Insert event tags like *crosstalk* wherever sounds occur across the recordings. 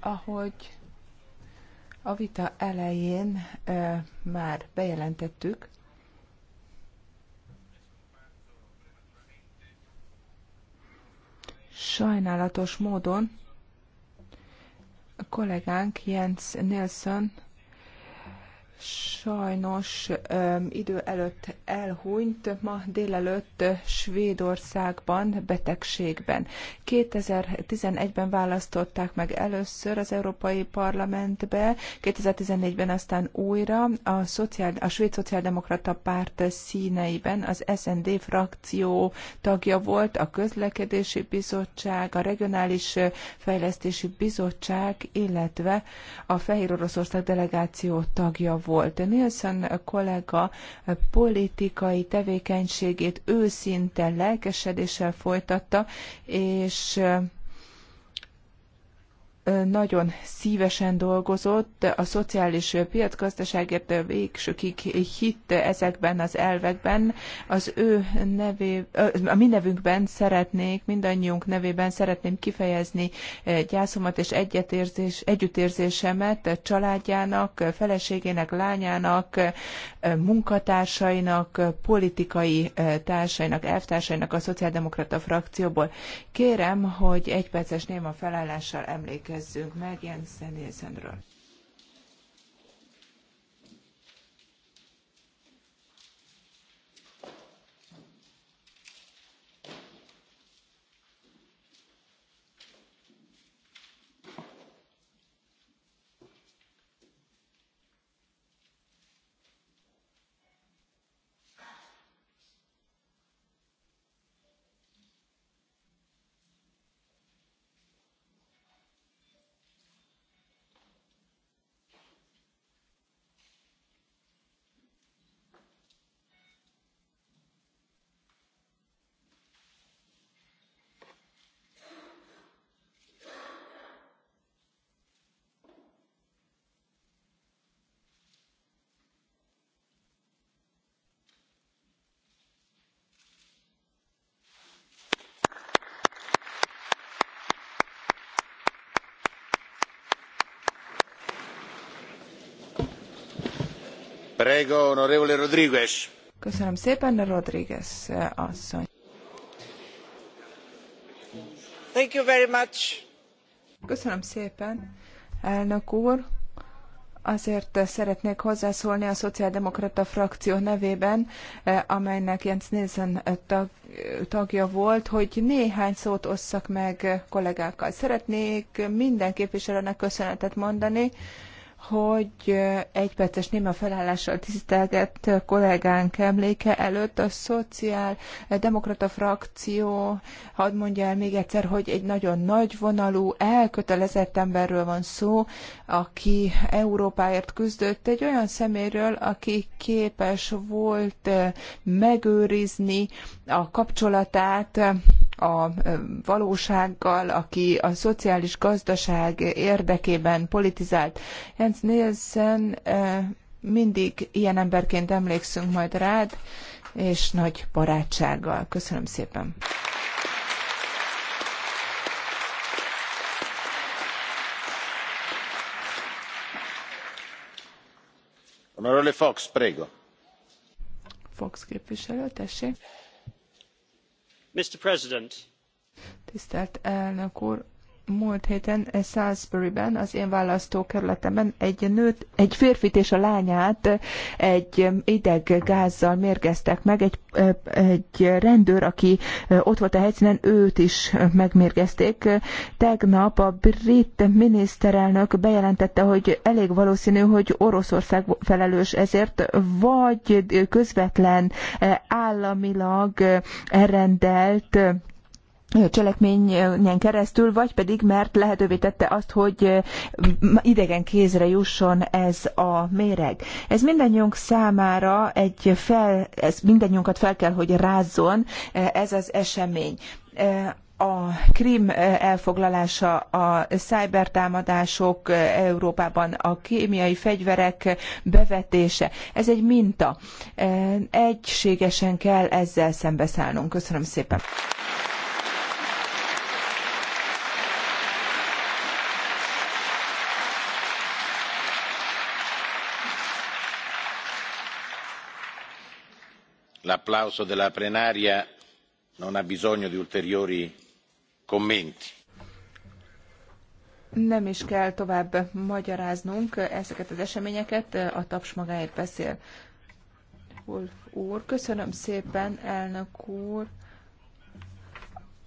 ahogy a vita elején már bejelentettük, sajnálatos módon a kollégánk Jens Nelson sajnos idő előtt elhunyt, ma délelőtt Svédországban betegségben. 2011-ben választották meg először az Európai Parlamentbe, 2014-ben aztán újra a, szociál, a Svéd Szociáldemokrata Párt színeiben az SND frakció tagja volt, a Közlekedési Bizottság, a Regionális Fejlesztési Bizottság, illetve a Fehér Oroszország delegáció tagja volt. Nielsen kollega politikai tevékenységét őszinte lelkesedéssel folytatta, és nagyon szívesen dolgozott, a szociális piacgazdaságért végsőkig hitt ezekben az elvekben. Az ő nevé, a mi nevünkben szeretnék, mindannyiunk nevében szeretném kifejezni gyászomat és egyetérzés, együttérzésemet családjának, feleségének, lányának, munkatársainak, politikai társainak, elvtársainak a szociáldemokrata frakcióból. Kérem, hogy egy perces néma felállással emlékezzünk egyezzünk meg Jensen Nielsenről. Köszönöm szépen, Rodriguez eh, asszony. Thank you very much. Köszönöm szépen, elnök úr. Azért eh, szeretnék hozzászólni a Szociáldemokrata frakció nevében, eh, amelynek Jens Nielsen tag, tagja volt, hogy néhány szót osszak meg kollégákkal. Szeretnék minden képviselőnek köszönetet mondani, hogy egy perces néma felállással tisztelgett kollégánk emléke előtt a szociál eh, demokrata frakció, hadd mondja el még egyszer, hogy egy nagyon nagy vonalú, elkötelezett emberről van szó, aki Európáért küzdött, egy olyan szeméről, aki képes volt eh, megőrizni a kapcsolatát a valósággal, aki a szociális gazdaság érdekében politizált. Jens Nielsen mindig ilyen emberként emlékszünk majd rád, és nagy barátsággal. Köszönöm szépen! Honorable Fox, prego. Fox képviselő, tessék. Tisztelt elnök úr, múlt héten Salisbury-ben, az én választókerületemben egy nőt, egy férfit és a lányát egy ideg gázzal mérgeztek meg, egy, egy rendőr, aki ott volt a helyszínen, őt is megmérgezték. Tegnap a brit miniszterelnök bejelentette, hogy elég valószínű, hogy Oroszország felelős ezért, vagy közvetlen államilag elrendelt cselekményen keresztül, vagy pedig mert lehetővé tette azt, hogy idegen kézre jusson ez a méreg. Ez mindannyiunk számára egy fel, ez mindannyiunkat fel kell, hogy rázzon ez az esemény a Krim elfoglalása, a szájbertámadások Európában, a kémiai fegyverek bevetése, ez egy minta. Egységesen kell ezzel szembeszállnunk. Köszönöm szépen. l'applauso della plenaria non ha bisogno di ulteriori commenti. Nem is kell tovább magyaráznunk ezeket az eseményeket, a taps magáért beszél. úr, köszönöm szépen, elnök úr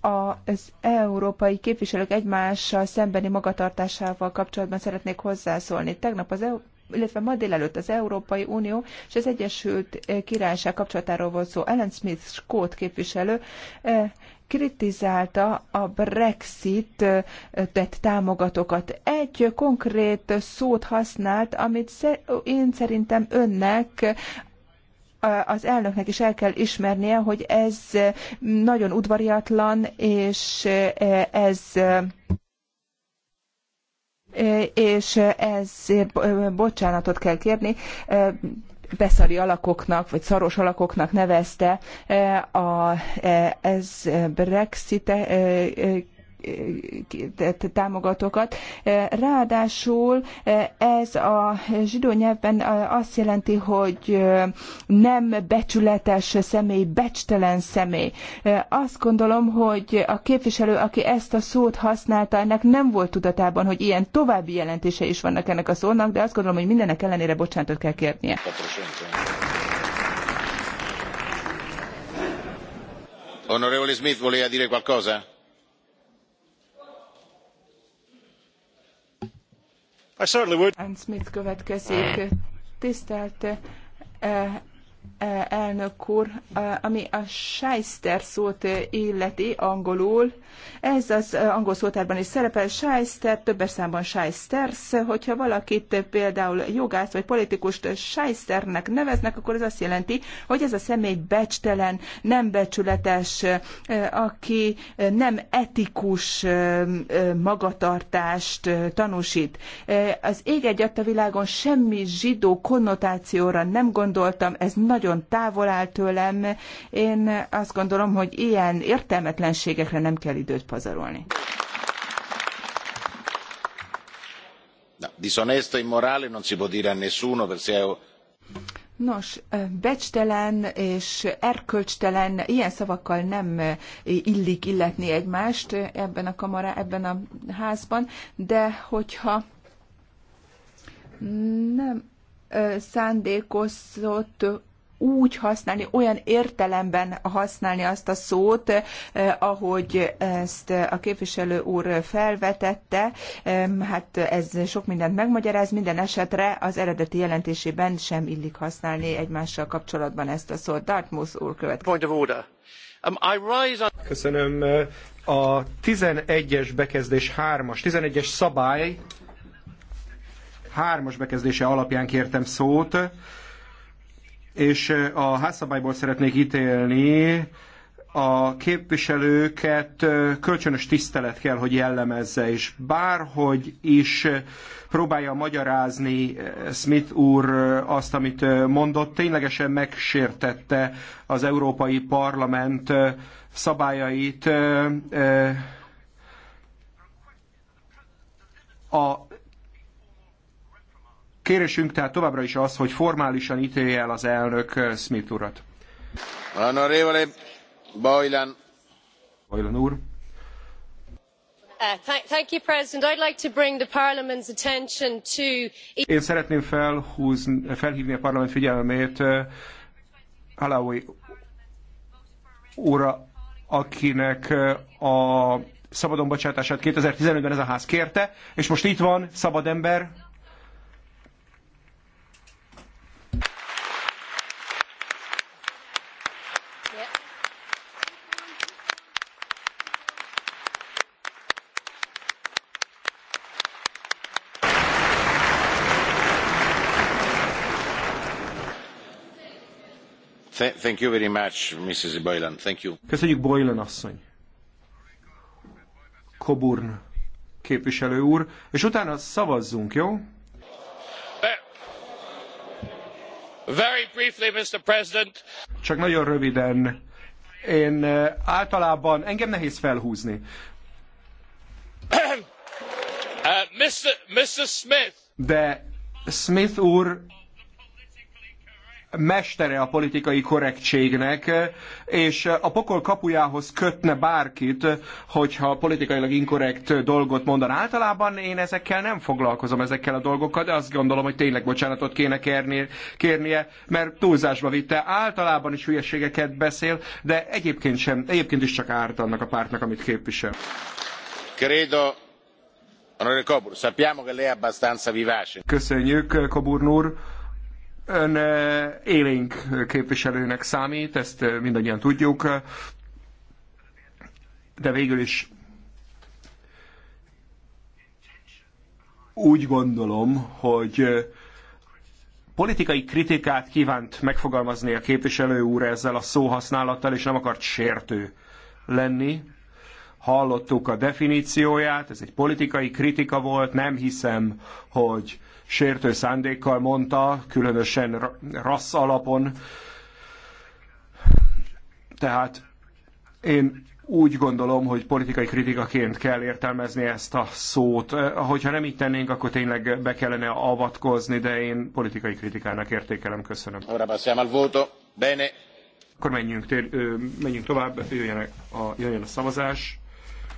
az európai képviselők egymással szembeni magatartásával kapcsolatban szeretnék hozzászólni. Tegnap az EU illetve ma délelőtt az Európai Unió és az Egyesült eh, Királyság kapcsolatáról volt szó. Ellen Smith, skót képviselő, eh, kritizálta a brexit eh, tett támogatókat. Egy konkrét szót használt, amit én szerintem önnek az elnöknek is el kell ismernie, hogy ez nagyon udvariatlan, és ez és ezért bocsánatot kell kérni beszari alakoknak, vagy szaros alakoknak nevezte a, ez Brexit támogatókat. Ráadásul eh, ez a zsidó nyelvben eh, azt jelenti, hogy eh, nem becsületes személy, becstelen személy. Azt gondolom, hogy a képviselő, aki ezt a szót használta, ennek nem volt tudatában, hogy ilyen további jelentése is vannak ennek a szónak, de azt gondolom, hogy mindenek ellenére bocsánatot kell kérnie. Onorevole Smith, voleva dire qualcosa? tisztelt elnök would. tisztelt Smith elnök úr, ami a Scheister szót illeti angolul. Ez az angol szótárban is szerepel, Scheister, többes számban Scheisters. Hogyha valakit például jogász vagy politikust Scheisternek neveznek, akkor ez azt jelenti, hogy ez a személy becstelen, nem becsületes, aki nem etikus magatartást tanúsít. Az ég egy a világon semmi zsidó konnotációra nem gondoltam, ez nagyon távol áll tőlem. Én azt gondolom, hogy ilyen értelmetlenségekre nem kell időt pazarolni. disonesto immorale non si può dire a nessuno Nos, becstelen és erkölcstelen, ilyen szavakkal nem illik illetni egymást ebben a kamará, ebben a házban, de hogyha nem szándékozott úgy használni, olyan értelemben használni azt a szót, eh, ahogy ezt a képviselő úr felvetette. Hát ez sok mindent megmagyaráz, minden esetre az eredeti jelentésében sem illik használni egymással kapcsolatban ezt a szót. Dartmouth úr következik. Um, Köszönöm. A 11-es bekezdés 3-as, 11-es szabály 3-as bekezdése alapján kértem szót és eh, a házszabályból szeretnék ítélni, a képviselőket eh, kölcsönös tisztelet kell, hogy jellemezze, és bárhogy is eh, próbálja magyarázni Smith úr azt, amit mondott, ténylegesen megsértette az Európai Parlament szabályait. A Kérésünk tehát továbbra is az, hogy formálisan ítélje el az elnök eh, Smith urat. Honorevole Boylan. Boylan úr. Én szeretném felhúzni, felhívni a parlament figyelmét eh, Alawi úra, akinek eh, a szabadon bocsátását 2015-ben ez a ház kérte, és most itt van, szabad ember, Thank you Köszönjük Boylan asszony. Coburn képviselő úr, és utána szavazzunk, jó? Very briefly, Mr. President. Csak nagyon röviden. Én eh, általában engem nehéz felhúzni. *coughs* Uh, Mr. Mr. Smith. De Smith úr mestere a politikai korrektségnek, és a pokol kapujához kötne bárkit, hogyha politikailag inkorrekt dolgot mondan. Általában én ezekkel nem foglalkozom, ezekkel a dolgokkal, de azt gondolom, hogy tényleg bocsánatot kéne kérni, kérnie, mert túlzásba vitte. Általában is hülyeségeket beszél, de egyébként, sem, egyébként is csak árt annak a pártnak, amit képvisel. Credo Köszönjük, Coburn úr. Ön élénk képviselőnek számít, ezt mindannyian tudjuk, de végül is úgy gondolom, hogy politikai kritikát kívánt megfogalmazni a képviselő úr ezzel a szóhasználattal, és nem akart sértő lenni hallottuk a definícióját, ez egy politikai kritika volt, nem hiszem, hogy sértő szándékkal mondta, különösen rassz alapon. Tehát én úgy gondolom, hogy politikai kritikaként kell értelmezni ezt a szót. Hogyha nem így tennénk, akkor tényleg be kellene avatkozni, de én politikai kritikának értékelem. Köszönöm. Bene. Akkor menjünk, menjünk tovább, jöjjön a, jöjjön a szavazás.